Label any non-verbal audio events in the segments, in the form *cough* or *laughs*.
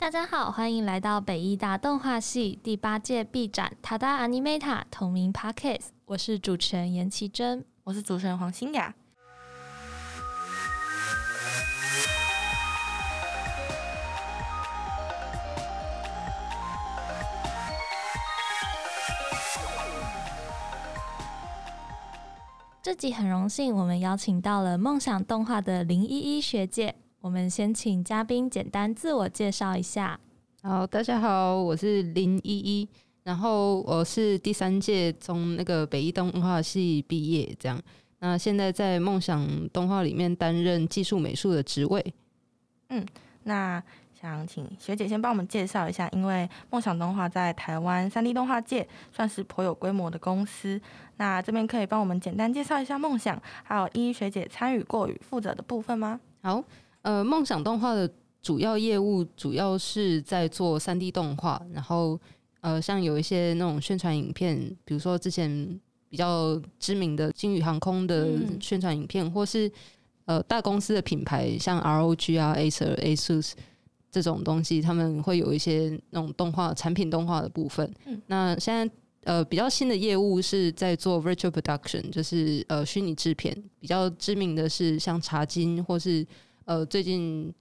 大家好，歡迎來到北藝大動畫系第八屆畢展《Tada Anime Ta》同名 Podcast。我是主持人嚴其真，我是主持人黃欣雅。這集很榮幸，我們邀請到了夢想動畫的林依依學姐。我們先請嘉賓簡單自我介紹一下。好，大家好，我是林依依，然後我是第三屆從那個北藝動畫系畢業，這樣，那現在在夢想動畫裡面擔任技術美術的職位。嗯，那想請學姐先幫我們介紹一下，因為夢想動畫在台灣三 D 動畫界算是頗有規模的公司，那這邊可以幫我們簡單介紹一下夢想，還有依依學姐參與過與負責的部分嗎？好。呃，夢想動畫的主要業務主要是在做三 D 動畫，然後呃，像有一些那種宣傳影片，比如說之前比較知名的金宇航空的宣傳影片，嗯、或是呃大公司的品牌，像 ROG 啊、Acer、ASUS 這種東西，他們會有一些那種動畫產品動畫的部分。嗯、那現在呃比較新的業務是在做 Virtual Production，就是呃虛擬製片。比較知名的是像茶金或是。呃，最近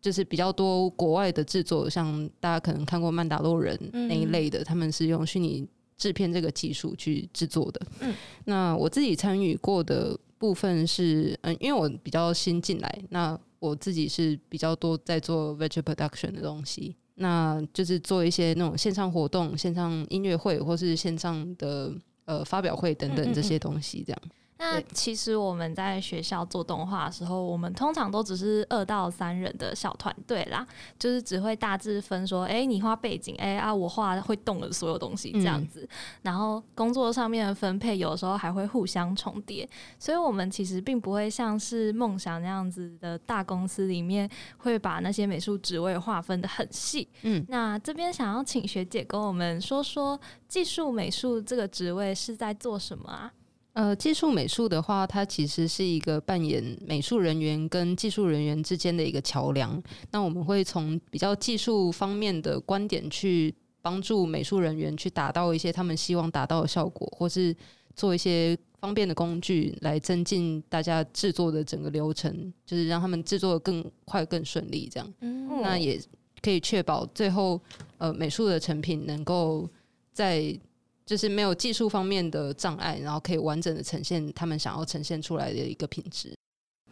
就是比較多國外的制作，像大家可能看過《曼達洛人》那一類的，嗯、他們是用虛擬製片這個技術去制作的。嗯、那我自己參與過的部分是，嗯、呃，因為我比較新進來，那我自己是比較多在做 virtual production 的東西，那就是做一些那種線上活動、線上音樂會或是線上的呃發表會等等這些東西，這樣。嗯嗯嗯那其實我們在學校做動畫的時候，我們通常都只是二到三人的小團隊啦，就是只會大致分說，哎、欸，你畫背景，哎、欸、啊，我畫會動的所有東西這樣子。嗯、然後工作上面的分配，有的時候還會互相重疊，所以我們其實並不會像是夢想那樣子的大公司裡面會把那些美術職位劃分得很細。嗯，那這邊想要請學姐跟我們說說技術美術這個職位是在做什麼啊？呃，技術美術的話，它其實是一個扮演美術人員跟技術人員之間的一個橋樑。那我們會從比較技術方面的觀點去幫助美術人員去達到一些他們希望達到的效果，或是做一些方便的工具來增進大家制作的整個流程，就是讓他們制作的更快、更順利這樣。嗯。那也可以確保最後呃美術的成品能夠在。就是沒有技術方面的障礙，然後可以完整的呈現他們想要呈現出來的一個品質。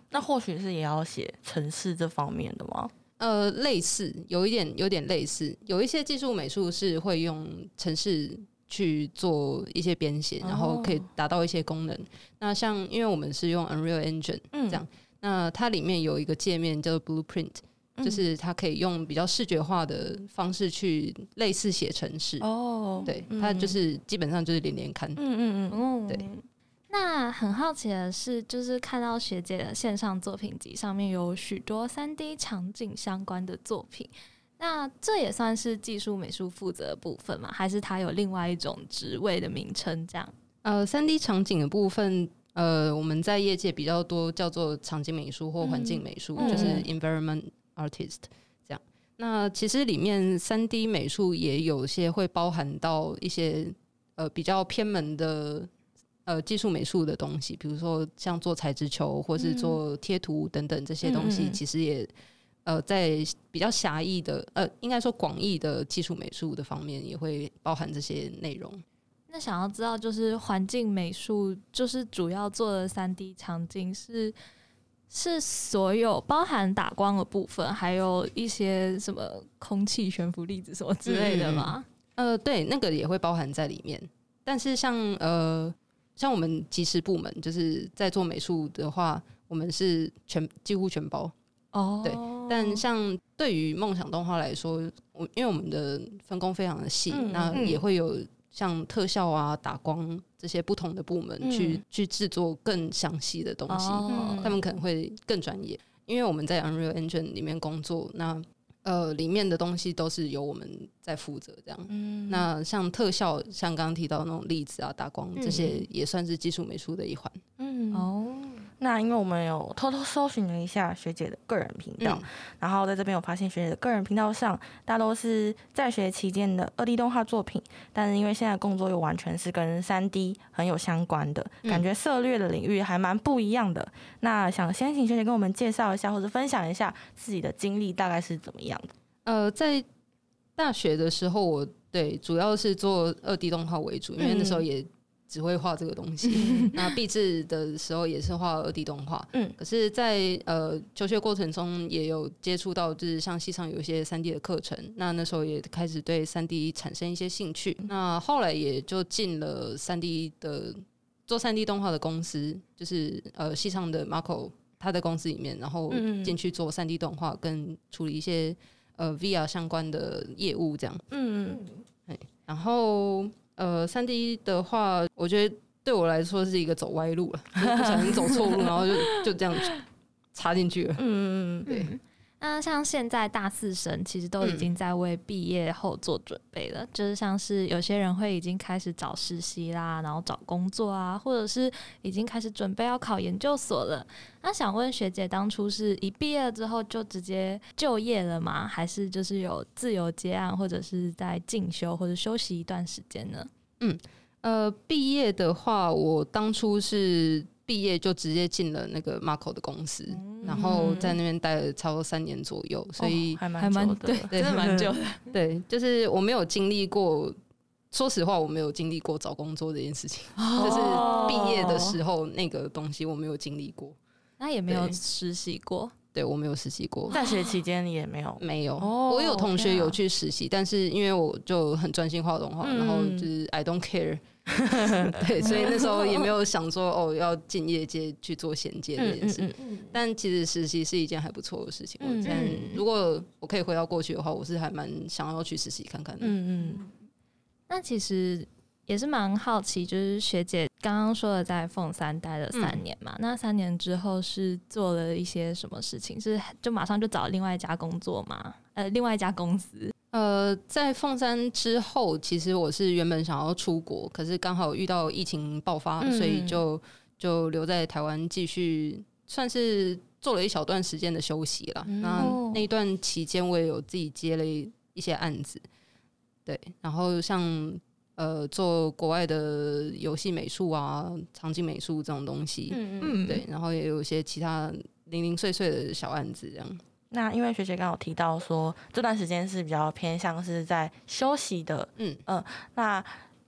那或許是也要寫程式這方面的嗎？呃，類似有一點，有點類似，有一些技術美術是會用程式去做一些編寫，哦、然後可以達到一些功能。那像，因為我們是用 Unreal Engine 這樣，嗯、那它裡面有一個界面叫 Blueprint。就是他可以用比較視覺化的方式去類似寫程式。哦、嗯，對他就是基本上就是連連看、嗯，嗯嗯嗯，嗯對。那很好奇的是，就是看到學姐的線上作品集上面有許多三 D 場景相關的作品，那這也算是技術美術負責的部分嗎？還是他有另外一種職位的名稱？這樣？呃，三 D 場景的部分，呃，我們在業界比較多叫做場景美術或環境美術，嗯嗯、就是 environment。artist 這樣，那其實裡面三 D 美術也有一些會包含到一些呃比較偏門的呃技術美術的東西，比如說像做材質球或是做貼圖等等這些東西，嗯、其實也呃在比較狹義的呃應該說廣義的技術美術的方面也會包含這些內容。那想要知道就是環境美術就是主要做的三 D 場景是，是所有包含打光的部分，還有一些什麼空氣懸浮粒子什麼之類的嗎？呃，對，那個也會包含在裡面。但是像呃，像我們即時部門就是在做美術的話，我們是全幾乎全包哦。對，但像對於夢想動畫來說，我因為我們的分工非常的細，嗯、那也會有。像特效啊、打光這些不同的部門去，嗯、去去製作更詳細的東西，哦嗯、他們可能會更專業。因為我們在 Unreal Engine 裡面工作，那呃，裡面的東西都是由我們在負責這樣。嗯、那像特效，像剛剛提到的那種粒子啊、打光、嗯、這些，也算是技術美術的一環。嗯、哦。那因為我們有偷偷搜尋了一下學姐的個人頻道，嗯、然後在這邊我發現學姐的個人頻道上，大多是在學期間的二 D 動畫作品，但是因為現在工作又完全是跟三 D 很有相關的，感覺涉獵的領域還蠻不一樣的。嗯、那想先請學姐跟我們介紹一下，或者分享一下自己的經歷大概是怎麼樣的？呃，在大學的時候我，我對主要是做二 D 動畫為主，因為那時候也。嗯只會畫這個東西， *laughs* 那畢製的時候也是畫二 D 動畫。嗯，可是在，在呃求學過程中也有接觸到，就是像系上有一些三 D 的課程。那那時候也開始對三 D 產生一些興趣。那後來也就進了三 D 的做三 D 動畫的公司，就是呃系上的 Marco 他的公司裡面，然後進去做三 D 動畫跟處理一些呃 VR 相關的業務這樣。嗯嗯，哎，然後。呃，三 D 的話，我覺得對我來說是一個走歪路了，啊，就是，不小心走錯路， *laughs* 然後就就這樣插進去了。嗯，對。嗯那像現在大四生其實都已經在為畢業後做準備了，嗯、就是像是有些人會已經開始找實習啦，然後找工作啊，或者是已經開始準備要考研究所了。那想問學姐，當初是一畢業之後就直接就業了嗎？還是就是有自由接案，或者是在進修或者休息一段時間呢？嗯，呃，畢業的話，我當初是。畢業就直接進了那個 Marco 的公司，然後在那邊待了差不多三年左右，所以還蠻久的，對，真的蠻久的。對，就是我沒有經歷過，說實話，我沒有經歷過找工作這件事情，就是畢業的時候那個東西我沒有經歷過，那也沒有實習過。對，我沒有實習過，大學期間也沒有。沒有，我有同學有去實習，但是因為我就很專心畫動畫，然後就是 I don't care。 *laughs* 對，所以那時候也沒有想說哦，要進業界去做銜接這件事。嗯嗯嗯嗯、但其實實習是一件還不錯的事情。嗯，嗯但如果我可以回到過去的話，我是還蠻想要去實習看看的。嗯嗯。那其實也是蠻好奇，就是學姐剛剛說的，在鳳山待了三年嘛，嗯、那三年之後是做了一些什麼事情？是就馬上就找了另外一家工作嗎？呃，另外一家公司。呃，在鳳山之後，其實我是原本想要出國，可是剛好遇到疫情爆發，嗯、所以就就留在台灣繼續算是做了一小段時間的休息了。嗯哦、那那一段期間，我也有自己接了一些案子，對，然後像呃做國外的遊戲美術啊、場景美術這種東西，嗯嗯，對，然後也有一些其他零零碎碎的小案子這樣。那因為學姐剛剛有提到說這段時間是比較偏向是在休息的，嗯嗯、呃，那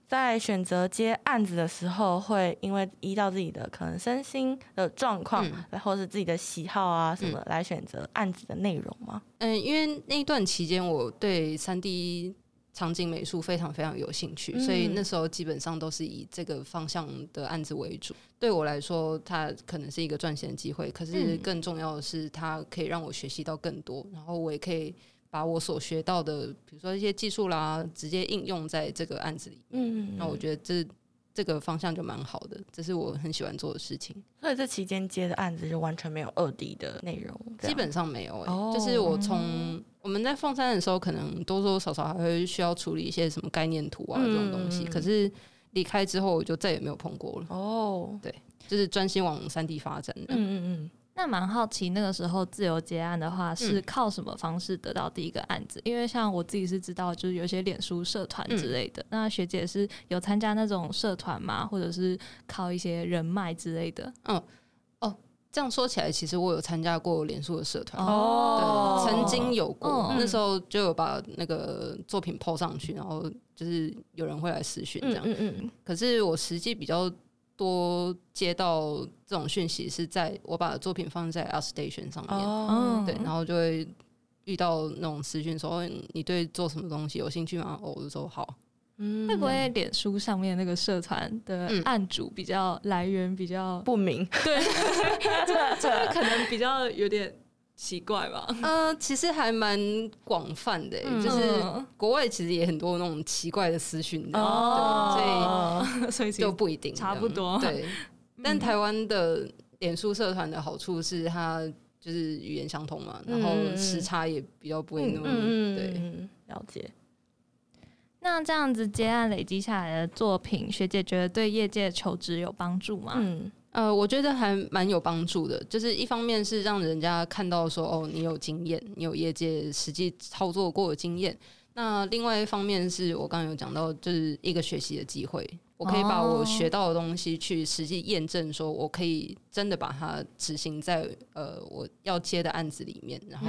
在選擇接案子的時候，會因為依照自己的可能身心的狀況，嗯、或者是自己的喜好啊什麼、嗯、來選擇案子的內容嗎？嗯，因為那段期間我對 3D 場景美術非常非常有興趣，所以那時候基本上都是以這個方向的案子為主。對我來說，它可能是一個賺錢的機會，可是更重要的是，它可以讓我學習到更多，然後我也可以把我所學到的，比如說一些技術啦，直接應用在這個案子裡面。那、嗯嗯、我覺得這。這個方向就蠻好的，這是我很喜歡做的事情。所以這期間接的案子就完全沒有二 D 的內容，基本上沒有、欸。哎、哦，就是我從我們在放山的時候，可能多多少少還會需要處理一些什麼概念圖啊這種東西，嗯、可是離開之後，我就再也沒有碰過了。哦，對，就是專心往三 D 發展的。嗯嗯嗯。嗯嗯那蠻好奇，那個時候自由接案的話是靠什麼方式得到第一個案子？嗯、因為像我自己是知道，就是有些臉書社團之類的。嗯、那學姐是有參加那種社團嗎？或者是靠一些人脈之類的？嗯哦，這樣說起來，其實我有參加過臉書的社團哦對，曾經有過。嗯嗯、那時候就有把那個作品 PO 上去，然後就是有人會來私訊這樣子。嗯,嗯,嗯，可是我實際比較。多接到這種訊息是在我把作品放在 ArtStation 上面。哦、對，然後就會遇到那種私訊，說你對做什麼東西有興趣嗎？哦，我就說好。嗯，會不會臉書上面那個社團的案主比較來源比較、嗯、對不明？對，這是 *laughs* *laughs* 可能比較有點。奇怪吧？呃，其實還蠻廣泛的、欸，嗯、就是國外其實也很多那種奇怪的私訊，嗯、對哦，所以所以都不一定，差不多對。但台灣的臉書社團的好處是，它就是語言相通嘛，嗯、然後時差也比較不會那麼、嗯嗯嗯嗯、對了解。那這樣子接案累積下來的作品，學姐覺得對業界求職有幫助嗎？嗯呃，我覺得還蠻有幫助的，就是一方面是讓人家看到說，哦，你有經驗，你有業界實際操作過的經驗；那另外一方面是我剛剛有講到，就是一個學習的機會。我可以把我學到的東西去實際驗證，說我可以真的把它執行在呃我要接的案子裡面，然後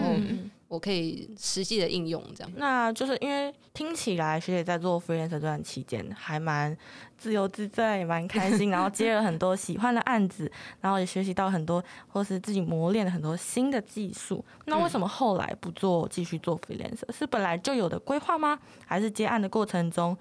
我可以實際的應用這樣。嗯、那就是因為聽起來學姐在做 freelancer 這段期間還蠻自由自在，蠻開心，然後接了很多喜歡的案子， *laughs* 然後也學習到很多或是自己磨練了很多新的技術。那為什麼後來不做繼續做 freelancer？是本來就有的規劃嗎？還是接案的過程中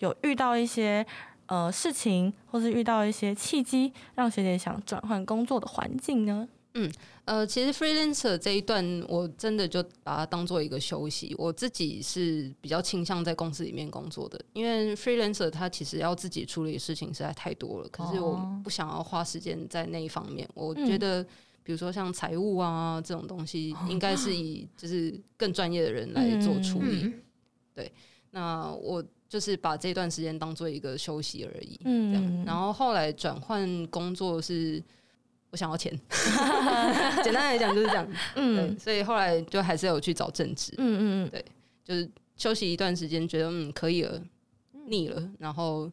有遇到一些？呃，事情或是遇到一些契機，讓學姐想轉換工作的環境呢？嗯，呃，其實 freelancer 這一段，我真的就把它當做一個休息。我自己是比較傾向在公司裡面工作的，因為 freelancer 他其實要自己處理的事情實在太多了，可是我不想要花時間在那一方面。哦、我覺得，比如說像財務啊這種東西，應該是以就是更專業的人來做處理。哦、對，那我。就是把這段時間當做一個休息而已，嗯，然後後來轉換工作是，我想要錢， *laughs* *laughs* 簡單來講就是這樣，嗯，所以後來就還是有去找正職。嗯嗯，對，就是休息一段時間，覺得嗯可以了，嗯、膩了，然後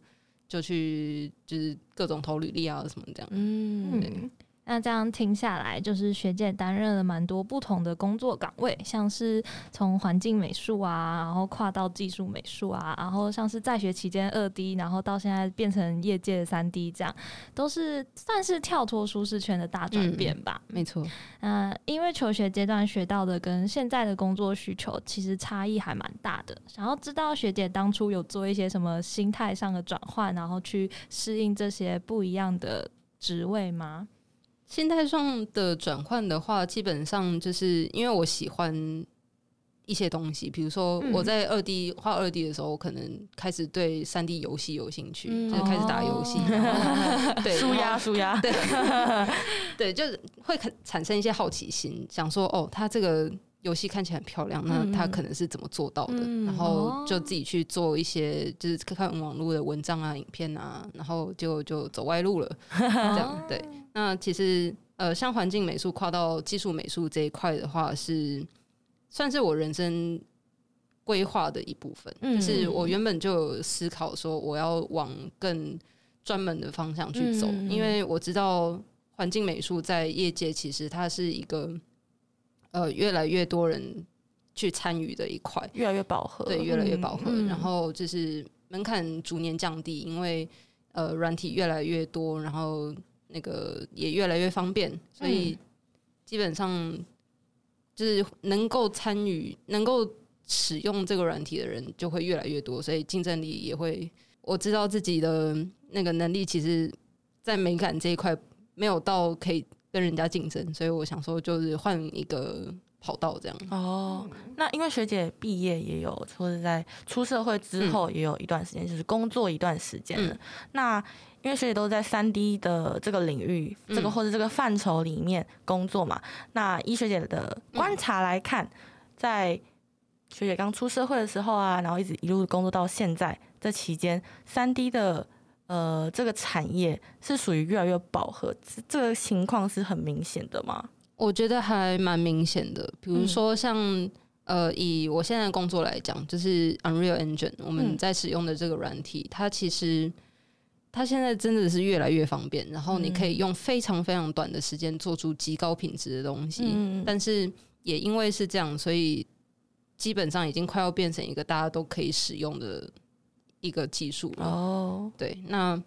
就去就是各種投履歷啊什麼這樣，嗯。那這樣聽下來，就是學姐擔任了蠻多不同的工作崗位，像是從環境美術啊，然後跨到技術美術啊，然後像是在學期間二 D，然後到現在變成業界三 D，這樣都是算是跳脫舒適圈的大轉變吧？嗯、沒錯，嗯、呃，因為求學階段學到的跟現在的工作需求其實差異還蠻大的。想要知道學姐當初有做一些什麼心態上的轉換，然後去適應這些不一樣的職位嗎？心態上的轉換的話，基本上就是因為我喜歡一些東西，比如說我在二 D 畫二、嗯、D 的時候，我可能開始對三 D 遊戲有興趣，嗯、就是開始打遊戲，對，舒壓舒壓，紓壓紓壓，對， *laughs* 對，就是會產生一些好奇心，想說哦，他這個。遊戲看起來很漂亮，那他可能是怎麼做到的？嗯、然後就自己去做一些，就是看看網絡的文章啊、影片啊，然後就就走歪路了。 *laughs* 這樣對。那其實呃，像環境美術跨到技術美術這一塊的話，是算是我人生規劃的一部分。嗯、是我原本就有思考說我要往更專門的方向去走，嗯、因為我知道環境美術在業界其實它是一個。呃，越來越多人去參與的一塊，越來越飽和，對，越來越飽和。嗯，嗯。然後就是門檻逐年降低，因為呃，軟體越來越多，然後那個也越來越方便，所以基本上就是能夠參與、能夠使用這個軟體的人就會越來越多，所以競爭力也會。我知道自己的那個能力，其實，在美感這一塊沒有到可以。跟人家競爭，所以我想說就是換一個跑道這樣。哦，那因為學姐畢業也有，或者在出社會之後也有一段時間，嗯、就是工作一段時間了、嗯、那因為學姐都在三 D 的這個領域，嗯、這個或者這個範疇裡面工作嘛。嗯、那以學姐的觀察來看，嗯、在學姐剛出社會的時候啊，然後一直一路工作到現在，這期間三 D 的。呃，這個產業是屬於越來越飽和，這個情況是很明顯的嗎？我覺得還蠻明顯的。比如說像、嗯、呃，以我現在的工作來講，就是 Unreal Engine，我們在使用的這個軟體，嗯、它其實它現在真的是越來越方便，然後你可以用非常非常短的時間做出極高品質的東西。嗯、但是也因為是這樣，所以基本上已經快要變成一個大家都可以使用的。一個技術哦，Oh. 對，那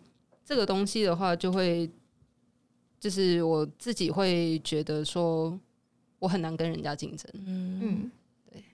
這個東西的話，就會就是我自己會覺得說，我很難跟人家競爭。Mm. 嗯，對，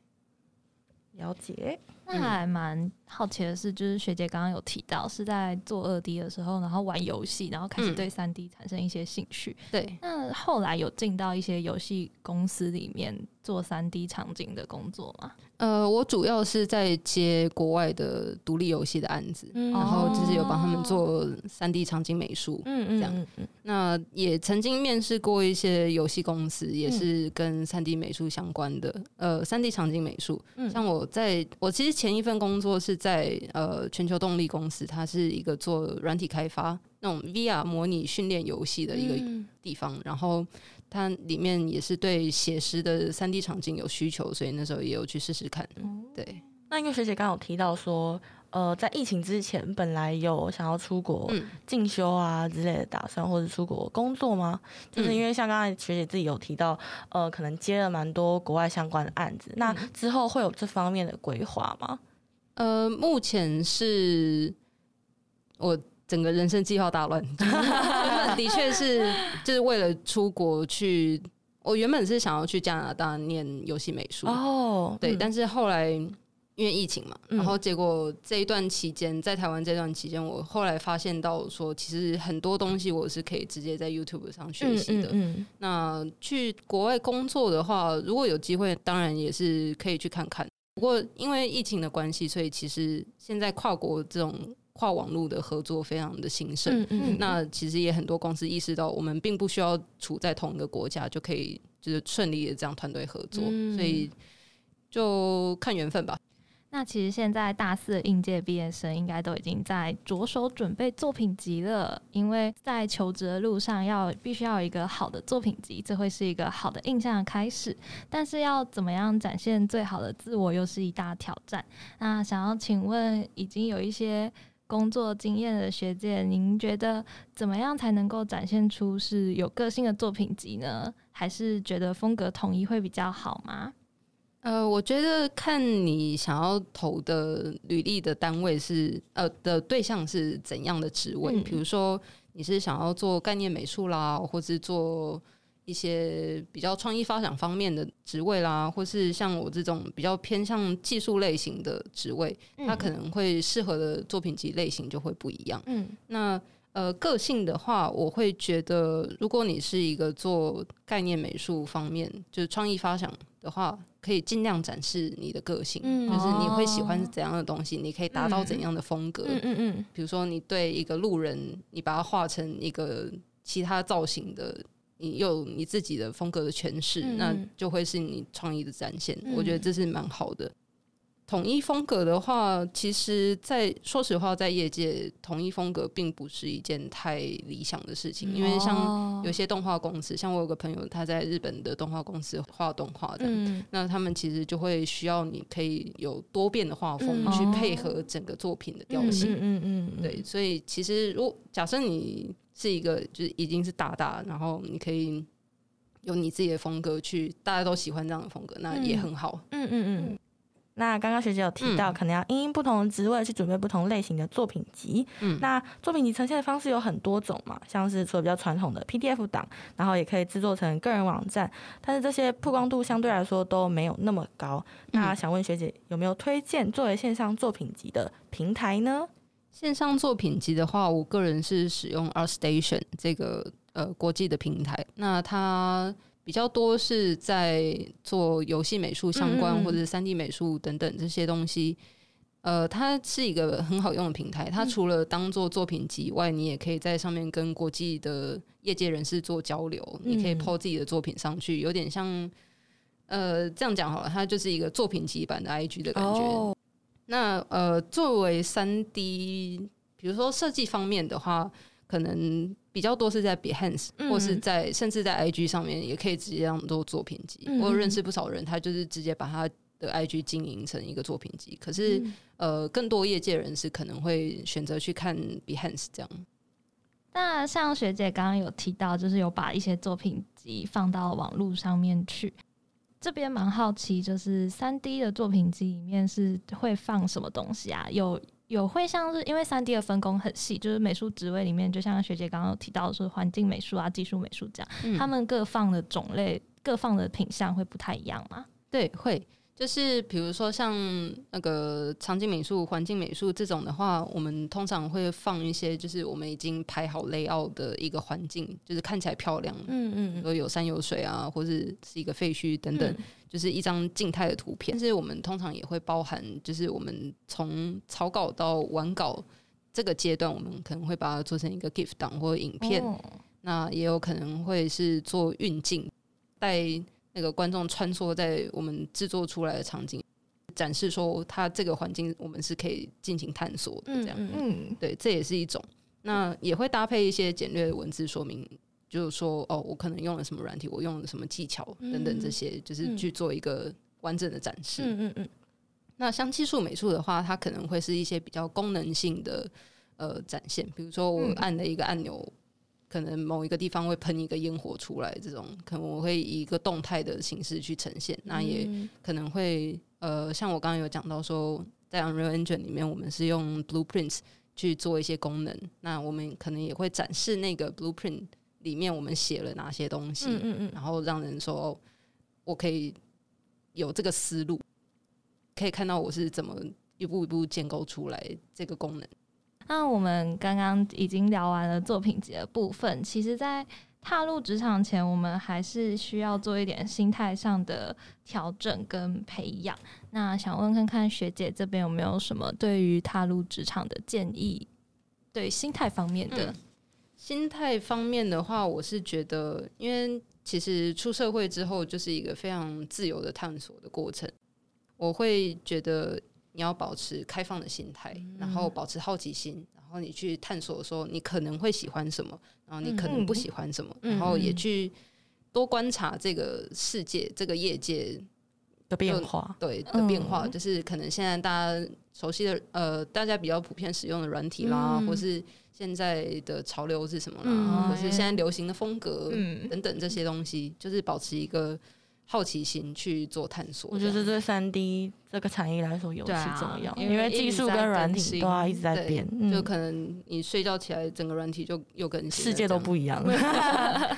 了解，那、嗯、還蠻。好奇的是，就是學姐剛剛有提到是在做二 D 的時候，然後玩遊戲，然後開始對三 D 產生一些興趣。嗯、對，那後來有進到一些遊戲公司裡面做三 D 場景的工作嗎？呃，我主要是在接國外的獨立遊戲的案子，嗯、然後就是有幫他們做三 D 場景美術、哦嗯。嗯嗯，這樣。那也曾經面試過一些遊戲公司，也是跟三 D 美術相關的。嗯、呃，三 D 場景美術，嗯、像我在我其實前一份工作是。在呃，全球動力公司，它是一個做軟體開發，那種 VR 模擬訓練遊戲的一個地方。嗯、然後它裡面也是對寫實的三 D 場景有需求，所以那時候也有去試試看。嗯、對，那因為學姐剛剛有提到說，呃，在疫情之前，本來有想要出國進修啊之類的打算，嗯、或者出國工作嗎？就是因為像剛才學姐自己有提到，呃，可能接了蠻多國外相關的案子。那之後會有這方面的規劃嗎？嗯呃，目前是我整個人生計劃大亂， *laughs* 原本的確是就是為了出國去。我原本是想要去加拿大念遊戲美術哦，對。嗯、但是後來因為疫情嘛，嗯、然後結果這一段期間，在台灣這段期間，我後來發現到說，其實很多東西我是可以直接在 YouTube 上學習的。嗯嗯嗯、那去國外工作的話，如果有機會，當然也是可以去看看。不過，因為疫情的關係，所以其實現在跨國這種跨網絡的合作非常的興盛。嗯，嗯，那其實也很多公司意識到，我們並不需要處在同一個國家就可以就是順利的這樣團隊合作，嗯。所以就看緣分吧。那其實現在大四的應屆的畢業生應該都已經在着手準備作品集了，因為在求職的路上要必須要有一個好的作品集，這會是一個好的印象的開始。但是要怎麼樣展現最好的自我又是一大挑戰。那想要請問，已經有一些工作經驗的學姐，您覺得怎麼樣才能夠展現出是有個性的作品集呢？還是覺得風格統一會比較好嗎？呃，我覺得看你想要投的履歷的單位是呃的對象是怎樣的職位，比、嗯、如說你是想要做概念美術啦，或是做一些比較創意發想方面的職位啦，或是像我這種比較偏向技術類型的職位，它、嗯、可能會適合的作品集類型就會不一樣。嗯，那呃個性的話，我會覺得如果你是一個做概念美術方面，就是創意發想的話。可以盡量展示你的個性，嗯、就是你會喜歡怎樣的東西，哦、你可以達到怎樣的風格。嗯嗯，比如說你對一個路人，你把它畫成一個其他造型的，你有你自己的風格的詮釋，嗯、那就會是你創意的展現。嗯、我覺得這是蠻好的。嗯統一風格的話，其實在，在說實話，在業界，統一風格並不是一件太理想的事情，因為像有些動畫公司，像我有個朋友，他在日本的動畫公司畫動畫的，嗯、那他們其實就會需要你可以有多變的畫風去配合整個作品的調性、嗯，嗯嗯，嗯嗯對，所以其實如果假設你是一個就是已經是大大，然後你可以有你自己的風格去，大家都喜歡這樣的風格，那也很好，嗯嗯嗯。嗯嗯那剛剛學姐有提到，可能要因，因不同的職位去準備不同類型的作品集。嗯，那作品集呈現的方式有很多種嘛，像是說比較傳統的 PDF 檔，然後也可以制作成個人網站，但是這些曝光度相對來說都沒有那麼高。那想問學姐有沒有推薦作為線上作品集的平台呢？線上作品集的話，我個人是使用 ArtStation 這個呃國際的平台。那它。比較多是在做遊戲美術相關或者是三 D 美術等等這些東西，呃，它是一個很好用的平台。它除了當做作、作品集以外，你也可以在上面跟國際的業界人士做交流。你可以拋自己的作品上去，有點像，呃，這樣講好了，它就是一個作品集版的 IG 的感覺。Oh、那呃，作為三 D，比如說設計方面的話。可能比較多是在 Behance，嗯、或是在甚至在 IG 上面也可以直接讓我們做作品集。我，嗯、認識不少人，他就是直接把他的 IG 經營成一個作品集。可是，嗯，呃，更多業界人士可能會選擇去看 Behance 這樣。那像學姐剛剛有提到，就是有把一些作品集放到網絡上面去。這邊蠻好奇，就是三 D 的作品集裡面是會放什麼東西啊？有。有會像是因為三 D 的分工很細，就是美術職位裡面，就像學姐剛剛提到說，環境美術啊、技術美術這樣，嗯、他們各方的種類、各方的品相會不太一樣嗎？對，會。就是比如說像那個場景美術、環境美術這種的話，我們通常會放一些，就是我們已經排好 layout 的一個環境，就是看起來漂亮，嗯嗯，有山有水啊，或是是一個廢墟等等，嗯、就是一張靜態的圖片。但是我們通常也會包含，就是我們從草稿到完稿這個階段，我們可能會把它做成一個 gift 檔或影片，哦、那也有可能會是做運鏡帶。那個觀眾穿梭在我們制作出來的場景，展示說它這個環境我們是可以進行探索的這樣，嗯，對，這也是一種。那也會搭配一些簡略的文字說明，就是說哦，我可能用了什麼軟體，我用了什麼技巧等等這些，就是去做一個完整的展示。嗯嗯嗯。那像技術美術的話，它可能會是一些比較功能性的呃展現，比如說我按了一個按鈕。可能某一個地方會噴一個煙火出來，這種可能我會以一個動態的形式去呈現。那也可能會呃，像我剛剛有講到說，在 Unreal Engine 裡面，我們是用 Blueprints 去做一些功能。那我們可能也會展示那個 Blueprint 裡面我們寫了哪些東西，嗯嗯嗯，然後讓人說，我可以有這個思路，可以看到我是怎麼一步一步建構出來這個功能。那我們剛剛已經聊完了作品集的部分，其實，在踏入職場前，我們還是需要做一點心態上的調整跟培養。那想問看看學姐這邊有沒有什麼對於踏入職場的建議，對心態方面的？嗯，心態方面的話，我是覺得，因為其實出社會之後就是一個非常自由的探索的過程，我會覺得。你要保持開放的心態，然後保持好奇心，然後你去探索說你可能會喜歡什麼，然後你可能不喜歡什麼，嗯、然後也去多觀察這個世界、這個業界的變化，對、嗯、的變化，就是可能現在大家熟悉的呃，大家比較普遍使用的軟體啦，嗯、或是現在的潮流是什麼啦，嗯、或是現在流行的風格等等這些東西，嗯、就是保持一個。好奇心去做探索。我覺得這三 D 這個產業來說尤其重要，啊、因為技術跟軟體都要一直在變。對嗯、就可能你睡覺起來，整個軟體就又跟世界都不一樣了。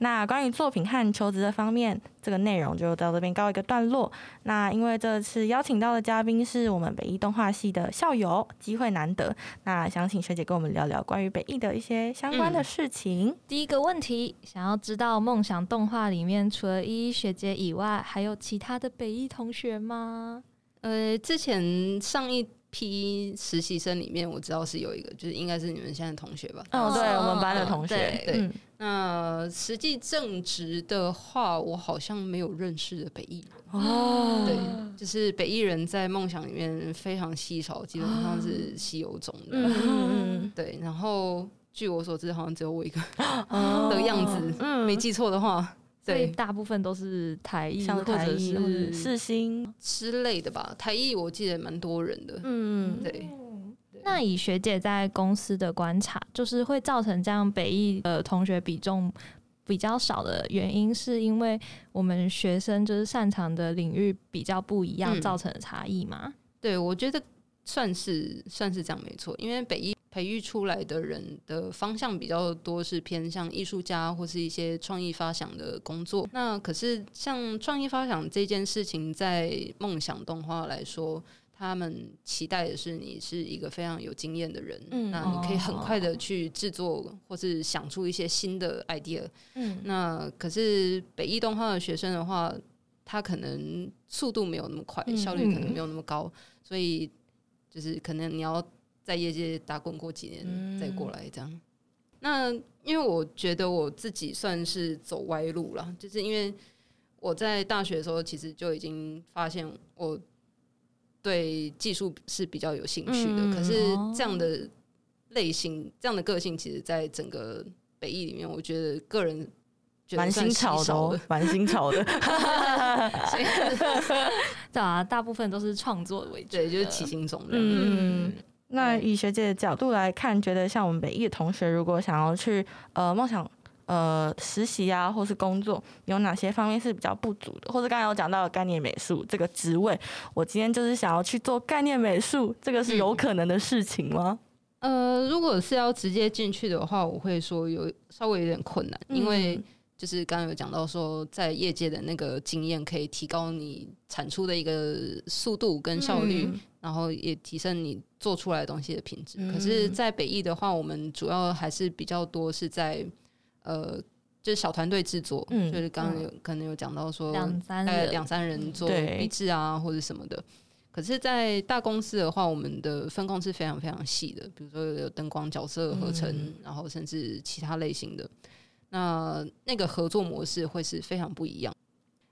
那關於作品和求職的方面，這個內容就到這邊告一個段落。那因為這次邀請到的嘉賓是我們北藝動畫系的校友，機會難得，那想請學姐跟我們聊聊關於北藝的一些相關的事情、嗯。第一個問題，想要知道夢想動畫裡面除了依依學姐。以外還有其他的北藝同學嗎？呃，之前上一批實習生裡面，我知道是有一個，就是應該是你們現在的同學吧？哦，對哦，我們班的同學。對，對嗯、那實際正職的話，我好像沒有認識的北藝。哦，對，就是北藝人在夢想裡面非常稀少，基本上是稀有種的。嗯、哦、對，然後據我所知，好像只有我一個 *laughs* 的樣子，哦嗯、沒記錯的話。對，所以大部分都是台藝，像台藝或者是世新之類的吧。台藝我記得蠻多人的，嗯對。對，那以學姐在公司的觀察，就是會造成這樣北藝的同學比重比較少的原因，是因為我們學生就是擅長的領域比較不一樣造成的差異嘛、嗯？對，我覺得算是算是這樣沒錯，因為北藝。培育出來的人的方向比較多是偏向藝術家或是一些創意發想的工作。那可是像創意發想這件事情，在夢想動畫來說，他們期待的是你是一個非常有經驗的人，嗯、那你可以很快的去制作或是想出一些新的 idea、嗯。那可是北藝動畫的學生的話，他可能速度沒有那麼快，嗯、效率可能沒有那麼高，嗯、所以就是可能你要在業界打滾過幾年，再過來這樣。那因為我覺得我自己算是走歪路了，就是因為我在大學的時候，其實就已經發現我對技術是比較有興趣的。可是這樣的類型、這樣的個性，其實，在整個北藝裡面，我覺得個人蠻新潮的，蠻新潮的。對啊，大部分都是創作為主，對，就是奇行種的。嗯。那以學姐的角度來看，覺得像我們北藝的同學，如果想要去呃夢想呃實習啊，或是工作，有哪些方面是比較不足的？或者剛才有講到的概念美術這個職位，我今天就是想要去做概念美術，這個是有可能的事情嗎？嗯、呃，如果是要直接進去的話，我會說有稍微有點困難，嗯、因為。就是剛剛有講到說，在業界的那個經驗可以提高你產出的一個速度跟效率，嗯、然後也提升你做出來的東西的品質。嗯、可是，在北藝的話，我們主要還是比較多是在呃，就是小團隊製作，嗯、就是剛剛有、啊、可能有講到說兩三兩三人做一支啊，嗯、或者什麼的。可是，在大公司的話，我們的分工是非常非常細的，比如說有燈光、角色合成，嗯、然後甚至其他類型的。那那個合作模式會是非常不一樣，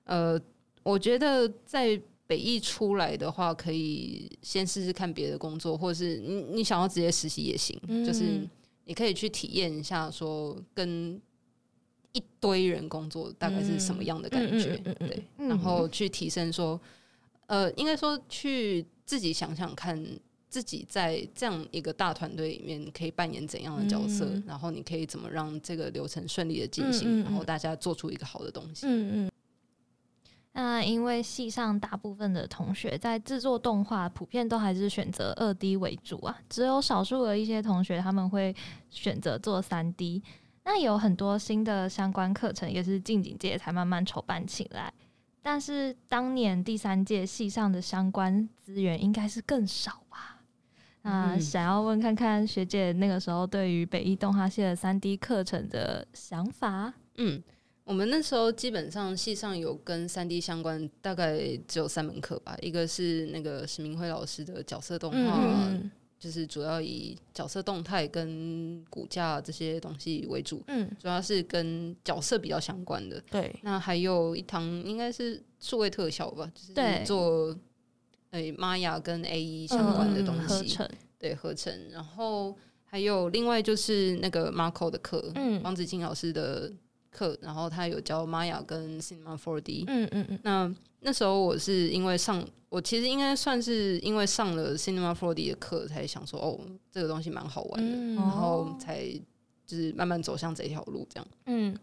呃，我覺得在北藝出來的話，可以先試試看別的工作，或是你你想要直接實習也行，就是你可以去體驗一下，說跟一堆人工作大概是什麼樣的感覺，對，然後去提升，說呃，應該說去自己想想看。自己在這樣一個大團隊裡面可以扮演怎樣的角色？嗯、然後你可以怎麼讓這個流程順利的進行？嗯嗯嗯、然後大家做出一個好的東西。嗯嗯。嗯嗯，那因為系上大部分的同學在製作動畫，普遍都還是選擇二 D 為主啊，只有少數的一些同學他們會選擇做三 D。那有很多新的相關課程也是近幾屆才慢慢籌辦起來，但是當年第三屆系上的相關資源應該是更少吧。那想要問看看學姐那個時候對於北藝動畫系的三 D 課程的想法？嗯，我們那時候基本上系上有跟三 D 相關，大概只有三門課吧。一個是那個史明輝老師的角色動畫，嗯，就是主要以角色動態跟骨架這些東西為主。嗯，主要是跟角色比較相關的。對，那還有一堂應該是數位特效吧，就是，就是做。對，瑪雅跟 A E 相關的東西，嗯、合成，對合成，然後還有另外就是那個 Marco 的課，嗯，王子欽老師的課，然後他有教瑪雅跟 Cinema 4D，嗯嗯嗯。那那時候我是因為上，我其實應該算是因為上了 Cinema 4D 的課，才想說哦，這個東西蠻好玩的，嗯、然後才就是慢慢走向這一條路這樣。嗯，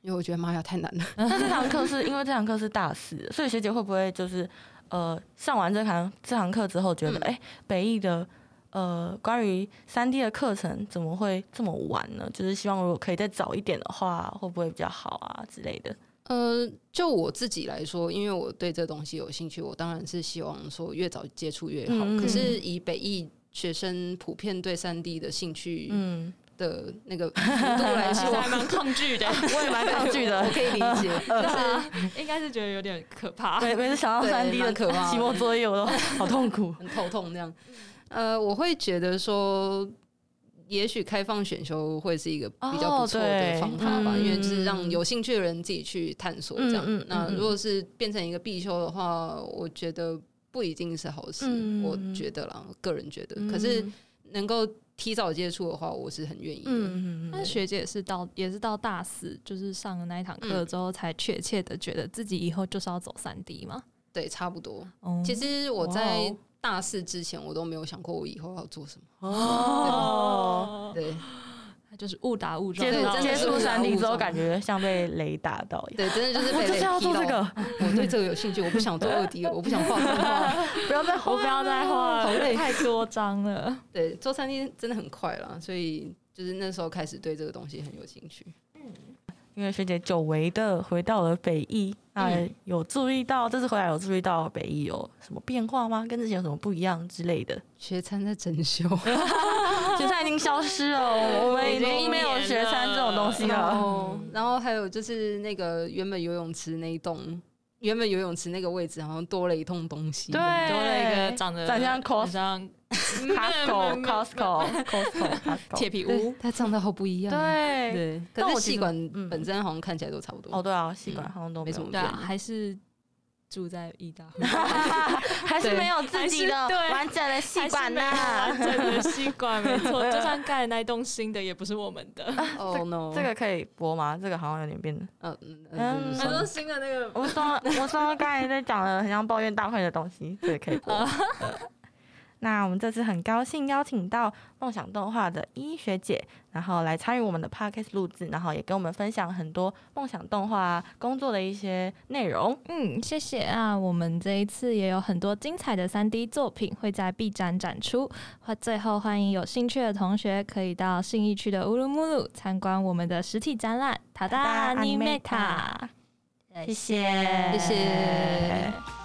因為我覺得瑪雅太難了、嗯。 *laughs* 那這堂課是因為這堂課是大四，所以學姐會不會就是？呃，上完這堂這堂課之後，覺得哎、嗯欸，北藝的呃關於三 D 的課程怎麼會這麼晚呢？就是希望如果可以再早一點的話，會不會比較好啊之類的。呃，就我自己來說，因為我對這東西有興趣，我當然是希望說越早接觸越好。嗯嗯，可是以北藝學生普遍對三 D 的興趣，嗯。的那個維度來說， *laughs* 還蠻抗拒的， *laughs* 我也蠻抗拒的， *laughs* 我可以理解。對 *laughs* 是應該是覺得有點可怕。每 *laughs* 對每次想到三 D 的可怕的，期末作業我都好痛苦， *laughs* 很頭痛這樣。呃，我會覺得說，也許開放選修會是一個比較不錯的方法吧，哦、因為就是讓有興趣的人自己去探索這樣。嗯嗯，那如果是變成一個必修的話，我覺得不一定是好事。嗯、我覺得啦，我個人覺得，嗯、可是能夠。提早接觸的話，我是很願意的。但、嗯嗯嗯嗯、學姐是到也是到大四，就是上了那一堂課之後，嗯、才確切的覺得自己以後就是要走三 D 嘛。對，差不多。哦、其實我在大四之前，我都沒有想過我以後要做什麼。哦，對。哦對。就是誤打誤撞，接觸接觸三 D 之後，感覺像被雷打到一樣。對，真的就是。我、啊、就是要做這個，我對這個有興趣， *laughs* 我不想做二 D，我不想畫 *laughs* 不要再畫，我不要再畫了，累太多張了。對，做三 D 真的很快了，所以就是那時候開始對這個東西很有興趣。嗯。因為學姐久違的回到了北藝，那、嗯、有注意到這次回來有注意到北藝有什麼變化嗎？跟之前有什麼不一樣之類的？學餐在整修， *laughs* *laughs* 學餐已經消失了，我們已經沒有學餐這種東西了，了然。然後還有就是那個原本游泳池那一棟。原本游泳池那個位置好像多了一通東西，對，多了一個長得長像 Costco，Costco，Costco，Costco，鐵皮屋，它長得好不一樣。對，對。但是細管本身好像看起來都差不多。哦，對啊，細管好像都沒什麼變。對啊，還是。住在藝大裡， *laughs* 還是沒有自己的完整的系館呢 *laughs* 完整的系館沒錯，就算蓋那一棟新的也不是我們的。哦、 *laughs* 啊、這，這個可以播嗎？這個好像有點變。嗯嗯嗯，說新的那個，我說我說剛才在講的很像抱怨大會的東西，對，可以播。 *laughs* 那我們這次很高興，邀請到夢想動畫的依依學姐，然後來參與我們的 podcast 錄製，然後也跟我們分享很多夢想動畫工作的一些內容。嗯，謝謝啊。啊我們這一次也有很多精彩的三 D 作品會在 B 站展出，或最後歡迎有興趣的同學可以到信義區的 Woolloomooloo 參觀我們的實體展覽。塔達尼梅塔，だ謝謝，謝謝。謝謝